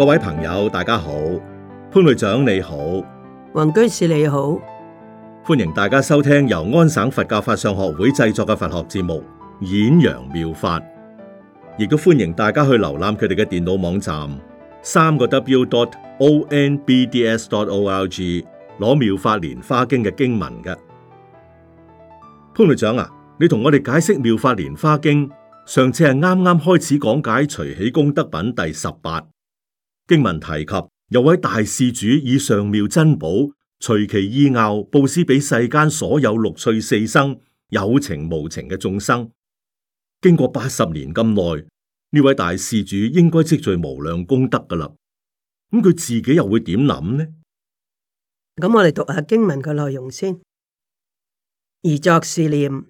各位朋友，大家好，潘隊長你好，黃居士你好，歡迎大家收聽由安省佛教法相學會製作嘅佛學節目《演揚妙法》，亦都歡迎大家去瀏覽佢哋嘅電腦網站三個 w dot o n b d s dot o r g 攞妙法蓮花經嘅經文嘅。潘隊長啊，你同我哋解釋妙法蓮花經，上次係啱啱開始講解隨喜功德品第十八。經文提及有位大施主以上妙珍寶隨其意拗布施俾世間所有六趣四生有情無情嘅眾生，經過八十年咁耐，呢位大施主應該積聚無量功德噶啦。咁佢自己又會點諗呢？咁我哋讀下經文嘅內容先。而作是念，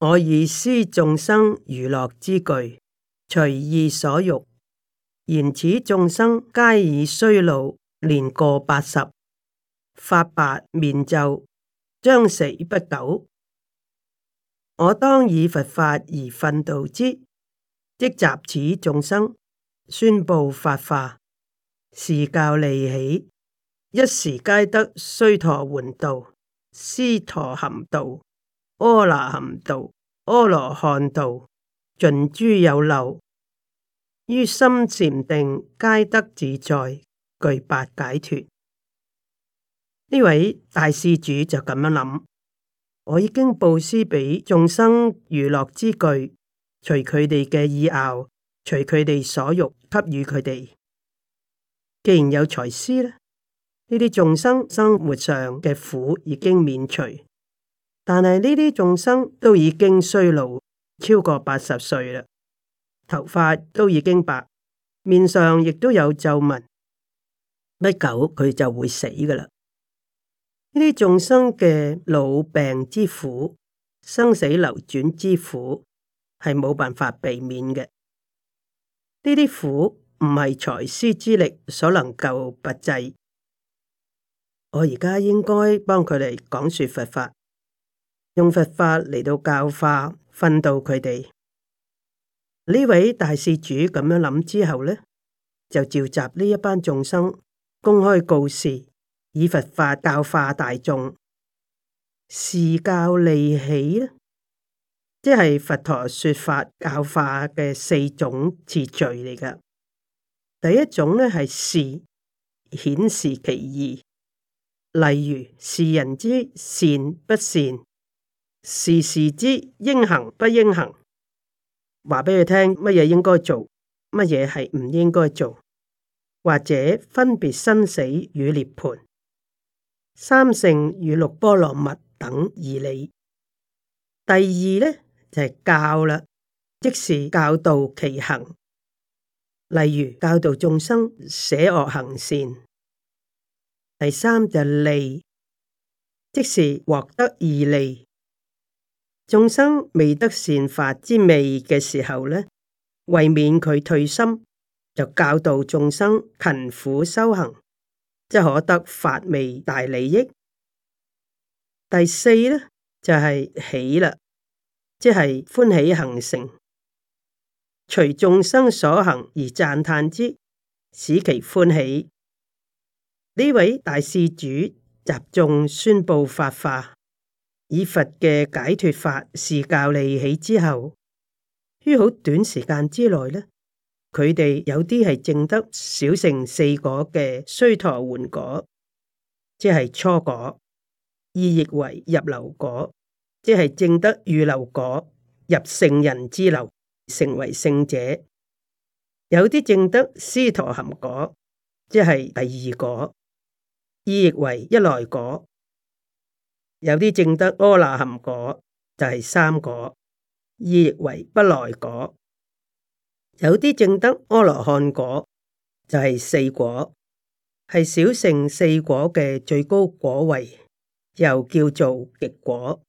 我已施眾生娛樂之具，隨意所欲。言此眾生皆已衰老，年過八十，髮白面皺，將死不久。我當以佛法而訓導之，即集此眾生，宣布法化，示教利喜，一時皆得須陀洹道、斯陀含道、阿那含道、阿羅漢道，盡諸有漏。於心禪定，皆得自在，具八解脱。呢位大施主就咁樣諗：我已經布施俾眾生娛樂之具，隨佢哋嘅意拗，隨佢哋所欲給予佢哋。既然有財施咧，呢啲眾生生活上嘅苦已經免除，但係呢啲眾生都已經衰老超過八十歲啦。頭髮都已經白，面上亦都有皺紋。不久佢就會死㗎喇。呢啲眾生嘅老病之苦、生死流轉之苦，係冇辦法避免嘅。呢啲苦唔係財施之力所能夠拔濟。我而家應該幫佢哋講說佛法，用佛法嚟到教化、訓導佢哋。呢位大施主咁樣諗之後呢就召集呢一班眾生，公開告示，以佛法教化大眾，示教利喜啦，即係佛陀說法教化嘅四種次序嚟㗎。第一種呢係示，顯示其義，例如示人之善不善，示事之應行不應行。話畀佢聽乜嘢應該做，乜嘢係唔應該做，或者分別生死與涅盤、三性與六波羅蜜等義理。第二咧就係、是、教啦，即是教導其行，例如教導眾生捨惡行善。第三就係利，即是獲得義利。眾生未得善法之味嘅時候呢，為免佢退心，就教導眾生勤苦修行，即可得法味大利益。第四呢，就係、是、喜啦，即係歡喜行成，隨眾生所行而讚歎之，使其歡喜。呢位大施主集眾宣布法化。以佛嘅解脫法示教利喜之後，於好短時間之內咧，佢哋有啲係證得小乘四果嘅須陀洹果，即係初果，意譯為入流果，即係證得預流果，入聖人之流，成為聖者；有啲證得斯陀含果，即係第二果，意譯為一來果。有啲證得阿那含果，就係、是、三果，意譯為不來果；有啲證得阿羅漢果，就係、是、四果，係小乘四果嘅最高果位，又叫做極果。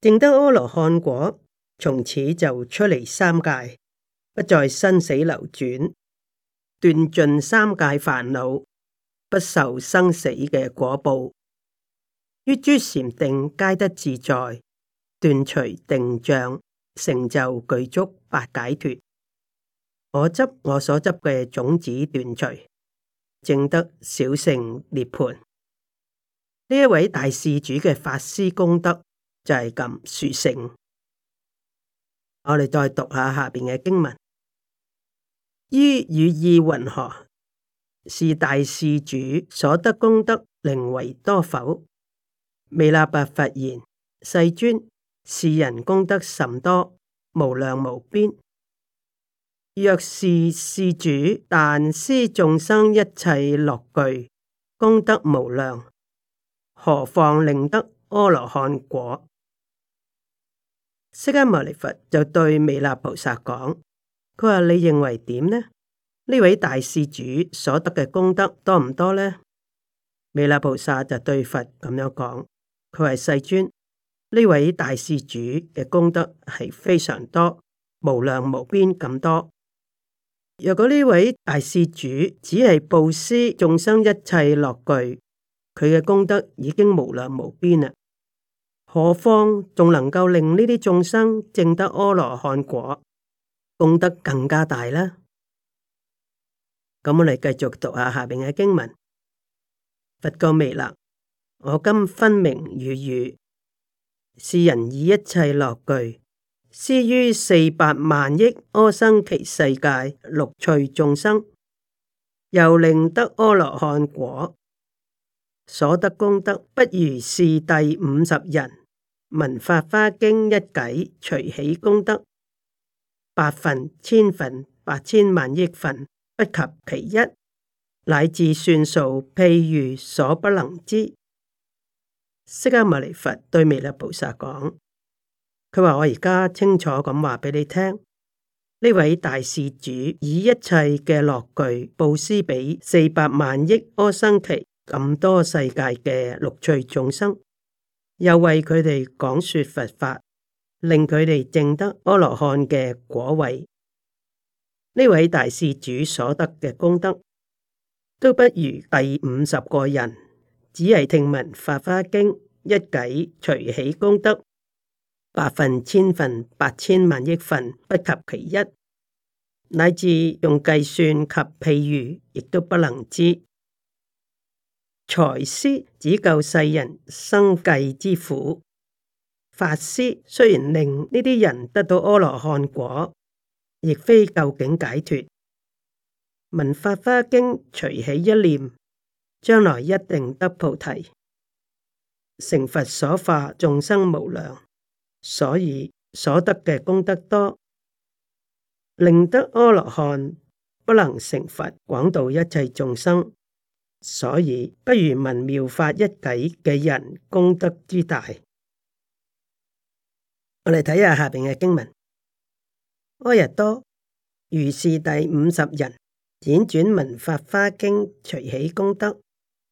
證得阿羅漢果，從此就出嚟三界，不再生死流轉，斷盡三界煩惱，不受生死嘅果報。於諸禪定皆得自在，斷除定障，成就具足八解脫。我執我所執嘅種子斷除，證得小乘涅盤。呢一位大施主嘅法師功德就係、是、咁殊勝。我哋再讀下下邊嘅經文：於汝意云何？是大施主所得功德，寧為多否？彌勒白佛言：世尊，是人功德甚多，無量無邊。若是施主，但施眾生一切樂具，功德無量，何況令得阿羅漢果？釋迦牟尼佛就對彌勒菩薩講：佢話你認為點呢？呢位大施主所得嘅功德多唔多呢？彌勒菩薩就對佛咁樣講。佢係，世尊，呢位大施主嘅功德係非常多，無量無邊咁多。若果呢位大施主只係布施眾生一切樂具，佢嘅功德已經無量無邊啦，何況仲能夠令呢啲眾生證得阿羅漢果，功德更加大呢？咁我哋繼續讀下下邊嘅經文，佛告彌勒，我今分明語汝，是人以一切樂具施於四百萬億阿僧祇世界六趣眾生，又令得阿羅漢果，所得功德不如是第五十人聞法花經一偈，隨喜功德百份、千份、百千萬億份不及其一，乃至算數譬喻所不能知。釋迦牟尼佛對彌勒菩薩講，佢話我而家清楚咁話俾你聽，呢位大施主以一切嘅樂具布施俾四百萬億阿僧祇咁多世界嘅六趣眾生，又為佢哋講說佛法，令佢哋證得阿羅漢嘅果位。呢位大施主所得嘅功德，都不如第五十個人。只係聽聞法華經一偈，隨喜功德百份、百分千份、百千萬億份不及其一，乃至用計算及譬喻亦都不能知。財師只救世人生計之苦，法師雖然令呢啲人得到阿羅漢果，亦非究竟解脫。聞法華經隨喜一念。將來一定得菩提成佛，所化眾生無量，所以所得嘅功德多，令得阿羅漢不能成佛，廣度一切眾生。所以不如聞妙法一偈嘅人功德之大。我哋睇下下邊嘅經文：阿日多如是，第五十人輾轉聞法花經，隨喜功德。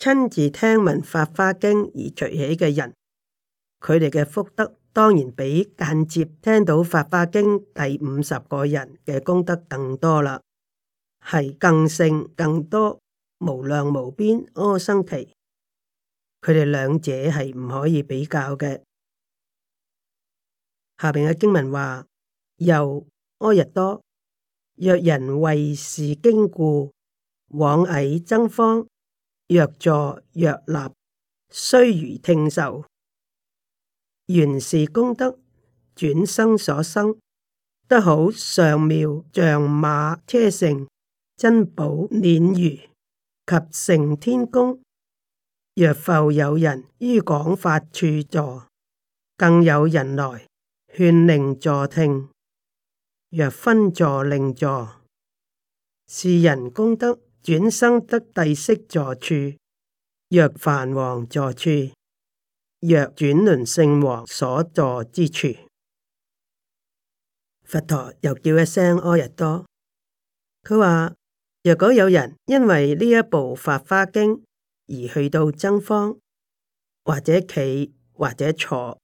親自聽聞法華經而隨喜嘅人，佢哋嘅福德當然比間接聽到法華經第五十個人嘅功德更多啦，係更勝更多無量無邊阿僧祇，佢哋兩者係唔可以比較嘅。下邊嘅經文話：又阿逸多，若人為是經故往詣僧坊。若坐若立，須臾聽受，原是功德，轉生所生，得好上妙象、象馬車乘、珍寶輦輿及成天宮。若復有人於廣法處坐，更有人來勸令坐聽，若分座令坐，是人功德。轉生得帝釋座處，若梵王座處，若轉輪聖王所坐之處，佛陀又叫一聲阿逸多。佢話：若果有人因為呢一部《法華經》而去到僧坊，或者企或者坐，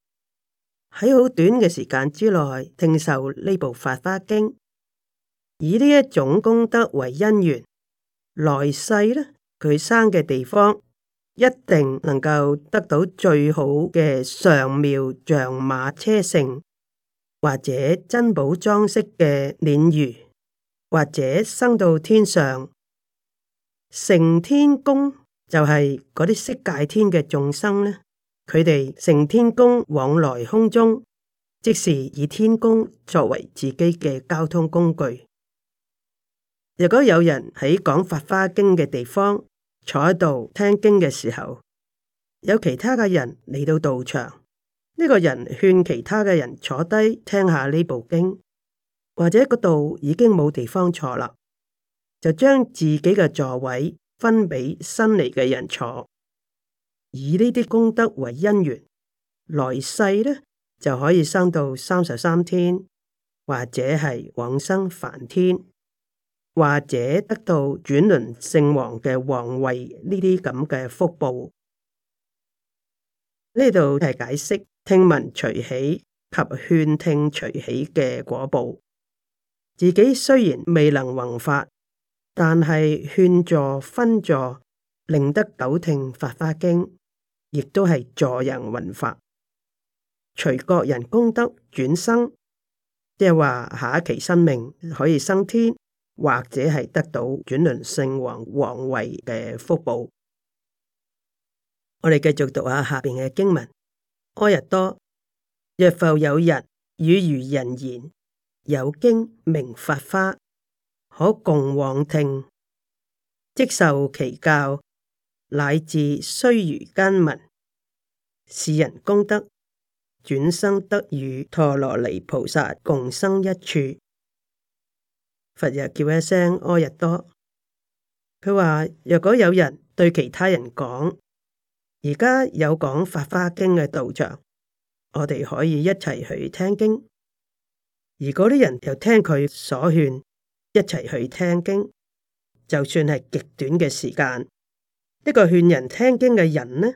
喺好短嘅時間之內聽受呢部《法華經》，以呢一種功德為因緣。來世咧，佢生嘅地方一定能夠得到最好嘅上妙象、馬車乘，或者珍寶裝飾嘅輦輿，或者生到天上，乘天宮就係嗰啲色界天嘅眾生咧，佢哋乘天宮往來空中，即係以天宮作為自己嘅交通工具。如果有人喺講《法華經》嘅地方坐喺度聽經嘅時候，有其他嘅人嚟到道場，呢個人勸其他嘅人坐低聽下呢部經，或者嗰度已經冇地方坐啦，就將自己嘅座位分俾新嚟嘅人坐，以呢啲功德為因緣，來世呢就可以生到三十三天，或者係往生梵天。或者得到轉輪聖王嘅皇位呢啲咁嘅福報，呢度係解釋聽聞隨喜及勸聽隨喜嘅果報。自己雖然未能弘法，但係勸助、分助，令得久聽法華經，亦都係助人弘法，隨各人功德轉生，即係話下一期生命可以升天。或者係得到轉輪聖王皇位嘅福報。我哋繼續讀下下邊嘅經文：阿逸多，若復有人，語餘人言，有經名法花，可共往聽，即受其教，乃至須臾間聞，是人功德轉生，得與陀羅尼菩薩共生一處。佛日叫一聲阿逸多，佢話若果有人對其他人講，而家有講法花經嘅道場，我哋可以一齊去聽經，而嗰啲人又聽佢所勸，一齊去聽經，就算係極短嘅時間，呢、這個勸人聽經嘅人呢，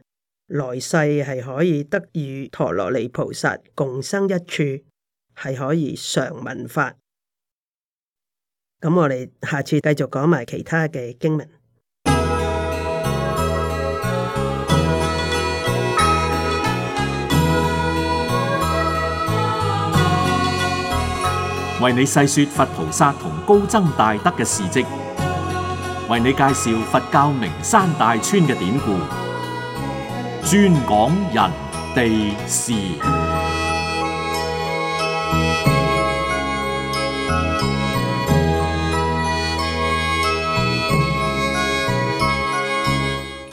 來世係可以得與陀羅尼菩薩共生一處，係可以常聞法。咁我哋下次繼續講埋其他嘅經文，為你細說佛菩薩同高僧大德嘅事跡，為你介紹佛教名山大川嘅典故，專講人地事。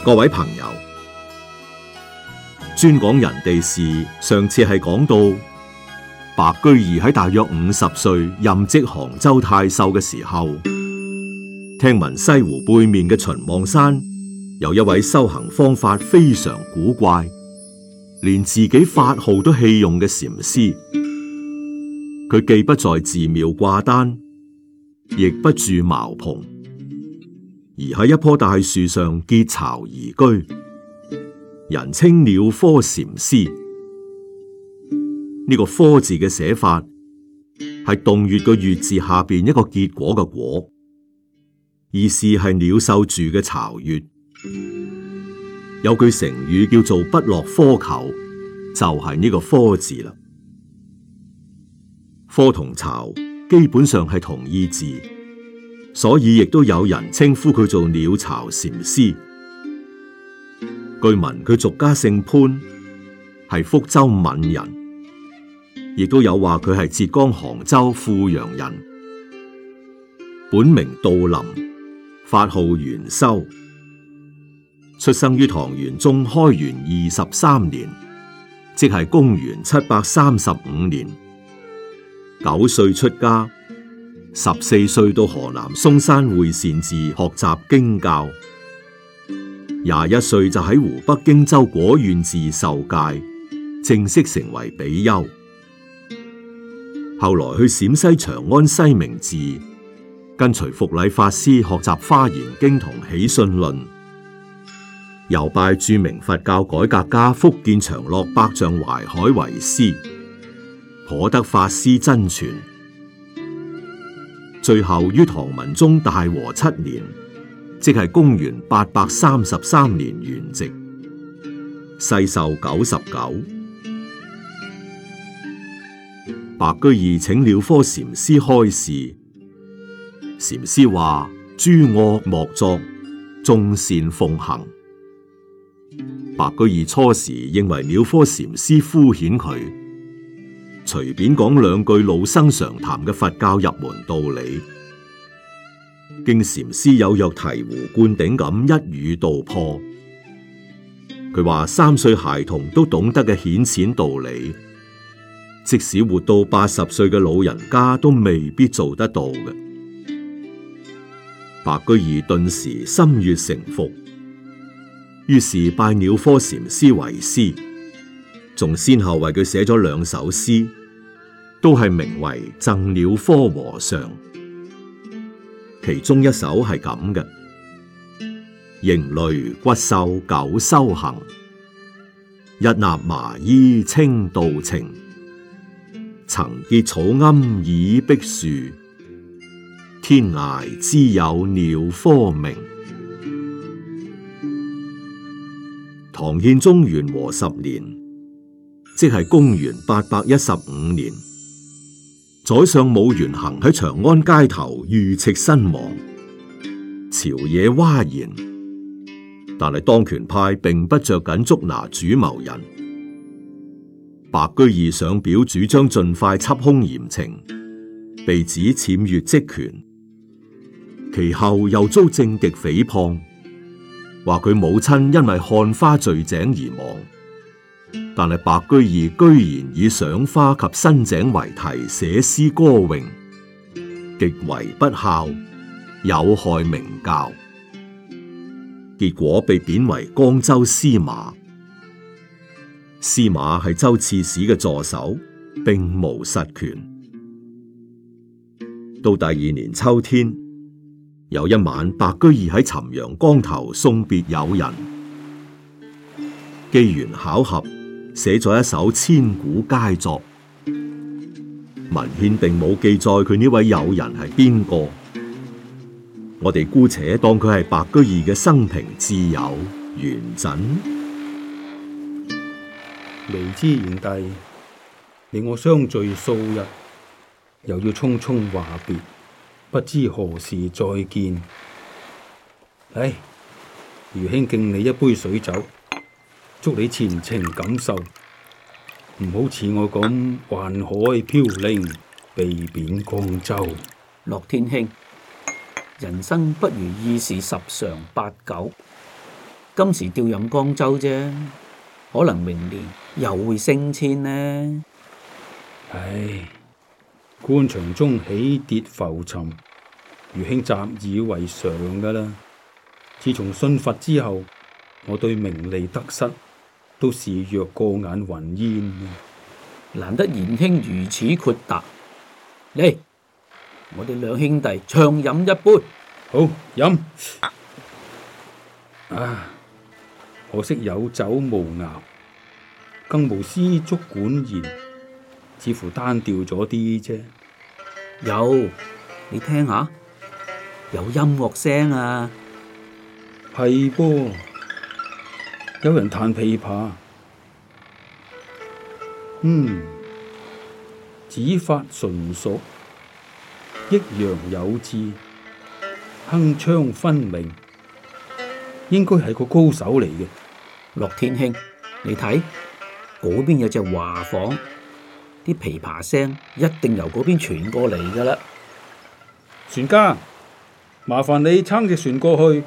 各位朋友，專講人哋事。上次係講到白居易喺大約五十歲任職杭州太守嘅時候，聽聞西湖背面嘅秦望山有一位修行方法非常古怪，連自己法號都棄用嘅禪師，佢既不在寺廟掛單，亦不住茅棚。而喺一棵大樹上結巢而居，人稱鳥窠禪師。呢、這個窠字嘅寫法係洞穴個穴字下邊一個結果嘅果，意思係鳥獸住嘅巢穴。有句成語叫做不落窠臼」，就係、是、呢個窠字啦。窠同巢基本上係同義字。所以，亦都有人稱呼佢做鳥巢禪師。據聞佢俗家姓潘，係福州閩人，亦都有話佢係浙江杭州富陽人。本名道林，法號元修，出生於唐玄宗開元二十三年，即係公元七百三十五年，九歲出家。十四歲到河南嵩山會善寺學習經教，廿一歲就喺湖北荊州果院寺受戒，正式成為比丘。後來去陝西長安西明寺，跟隨復禮法師學習《華嚴經喜》同《起信論》，又拜著名佛教改革家福建長樂百丈懷海為師，頗得法師真傳。最後於唐文宗大和七年，即係公元八百三十三年，圓寂，世壽九十九。白居易請鳥窠禪師開示，禪師話：諸惡莫作，眾善奉行。白居易初時認為鳥窠禪師敷衍佢。隨便講兩句老生常談嘅佛教入門道理，經禪師有若醍醐灌頂咁一語道破。佢話三歲孩童都懂得嘅顯淺道理，即使活到八十歲嘅老人家都未必做得到嘅。白居易頓時心悦誠服，於是拜鳥科禪師為師。仲先後為佢寫咗兩首詩，都係名為《贈鳥窠和尚》。其中一首係咁嘅：形羸骨瘦久修行，一衲麻衣清道情。曾結草庵倚碧樹，天涯知有鳥窠名。唐憲宗元和十年，即係公元八百一十五年，宰相武元衡喺長安街頭遇刺身亡，朝野嘩然。但係當權派並不着緊捉拿主謀人，白居易上表主張盡快緝兇嚴懲，被指僭越職權。其後又遭政敵誹謗，話佢母親因為看花墜井而亡。但係白居易居然以賞花及新井為題寫詩歌詠，極為不孝，有害名教，結果被貶為江州司馬。司馬係州刺史嘅助手，並無實權。到第二年秋天，有一晚白居易喺潯陽江頭送別友人，機緣巧合。寫咗一首千古佳作，文獻並冇記載佢呢位友人係邊個，我哋姑且當佢係白居易嘅生平摯友元稹。微之賢弟，你我相聚數日，又要匆匆話別，不知何時再見。唉，余兄敬你一杯水酒。祝你前程錦繡，唔好似我咁宦海飄零，被貶江州。樂天兄，人生不如意事十常八九，今時調任江州啫，可能明年又會升遷呢？唉，官場中起跌浮沉，愚兄習以為常噶啦。自從信佛之後，我對名利得失，都視若過眼雲煙。難得賢兄如此豁達，嚟，我哋兩兄弟暢飲一杯，好飲。啊，可惜有酒無肴，更無絲竹管弦，似乎單調咗啲啫。有，你聽下，有音樂聲啊，係噃。有人彈琵琶，嗯，指法純熟，抑揚有致，鏗鏘分明，應該係個高手嚟嘅。樂天兄，你睇嗰邊有隻畫舫，啲琵琶聲一定由嗰邊傳過嚟噶啦。船家，麻煩你撐隻船過去。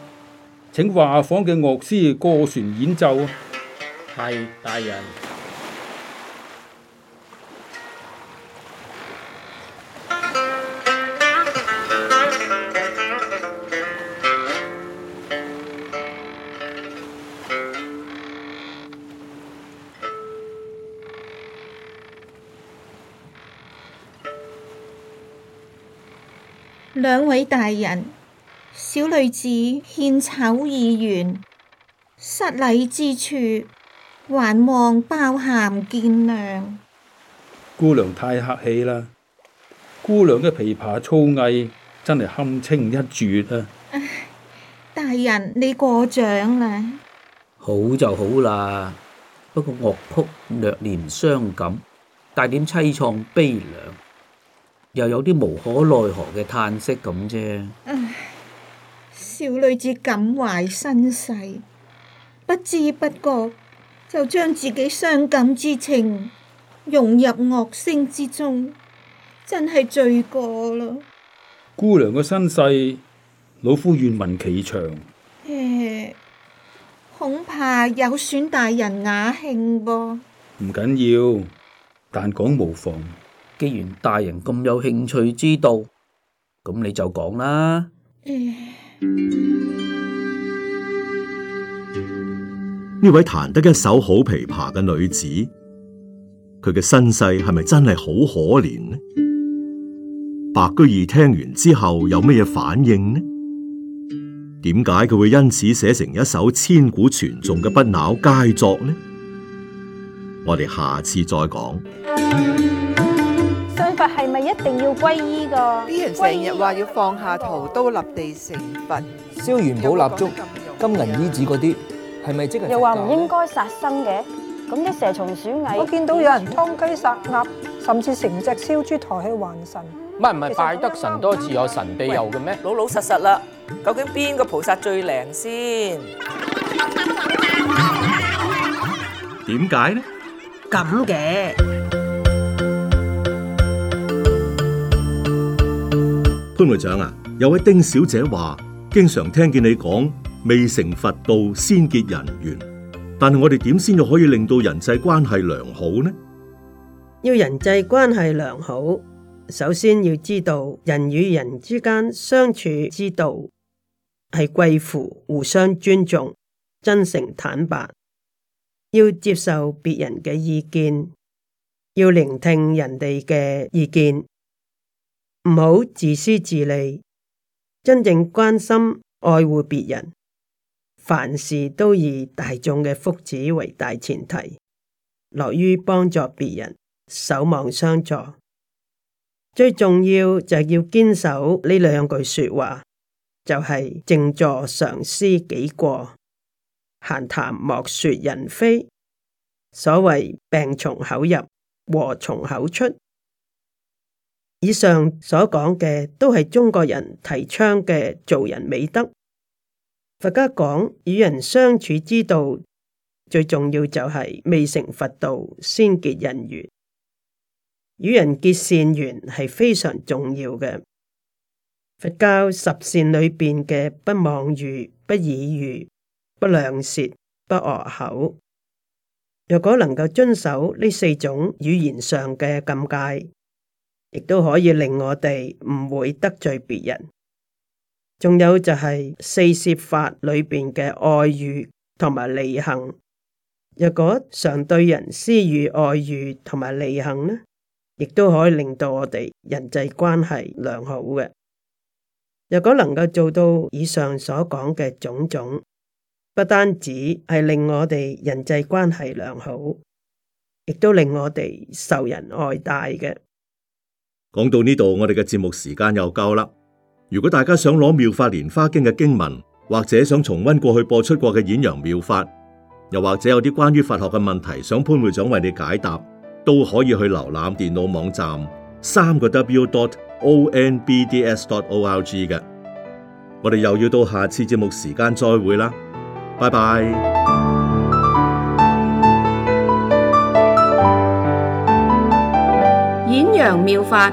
請畫舫嘅樂師過船演奏啊！係，大人。兩位大人。小女子獻醜而已，失禮之處，還望包涵見諒。姑娘太客氣啦！姑娘嘅琵琶造詣真係堪稱一絕啊！大人，你過獎啦。好就好啦，不過樂曲略嫌傷感，帶點淒愴悲涼，又有啲無可奈何嘅嘆息咁啫。小女子感懷身世，不知不覺就將自己傷感之情融入樂聲之中，真係罪過啦！姑娘嘅身世，老夫願聞其詳。誒，恐怕有損大人雅興噃。唔緊要，但講無妨。既然大人咁有興趣知道，咁你就講啦。誒。呢位彈得一手好琵琶嘅女子，佢嘅身世係咪真係好可憐呢？白居易聽完之後有咩嘢反應呢？點解佢會因此寫成一首千古傳頌嘅不朽佳作呢？我哋下次再講。咪一定要皈依噶，啲人成日話要放下屠刀立地成佛，燒元寶蠟燭、金銀衣紙嗰啲，係咪即係？又話唔應該殺生嘅，咁啲蛇蟲鼠蟻，我見到有人劏雞殺鴨，甚至成隻燒豬抬去還神，唔係唔係拜得神多自有神庇佑嘅咩？老老實實啦，究竟邊個菩薩最靈先？點解呢？咁嘅。潘會長啊，有位丁小姐話，經常聽見你講未成佛道先結人緣，但係我哋點先至可以令到人際關係良好呢？要人際關係良好，首先要知道人與人之間相處之道係貴乎互相尊重、真誠坦白，要接受別人嘅意見，要聆聽人哋嘅意見。唔好自私自利，真正關心愛護別人，凡事都以大眾嘅福祉為大前提，樂於幫助別人，守望相助。最重要就要堅守呢兩句說話，就係靜坐常思己過，閒談莫說人非。所謂病從口入，禍從口出。以上所講嘅都係中國人提倡嘅做人美德。佛家講與人相處之道，最重要就係未成佛道先結人緣，與人結善緣係非常重要嘅。佛教十善裏邊嘅不妄語、不綺語、不兩舌、不惡口，若果能夠遵守呢四種語言上嘅禁戒，亦都可以令我哋唔會得罪別人，仲有就係四攝法裏邊嘅愛語同埋利行。若果常對人施予愛語同埋利行呢，亦都可以令到我哋人際關係良好嘅。若果能夠做到以上所講嘅種種，不單止係令我哋人際關係良好，亦都令我哋受人愛戴嘅。講到呢度，我哋嘅節目時間又夠啦。如果大家想攞《妙法蓮花經》嘅經文，或者想重温過去播出過嘅演陽妙法，又或者有啲關於佛學嘅問題，想潘會長為你解答，都可以去瀏覽電腦網站三個 W dot O N B D S dot O R G 嘅。我哋又要到下次節目時間再會啦，拜拜。演揚妙法。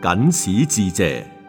僅此致謝。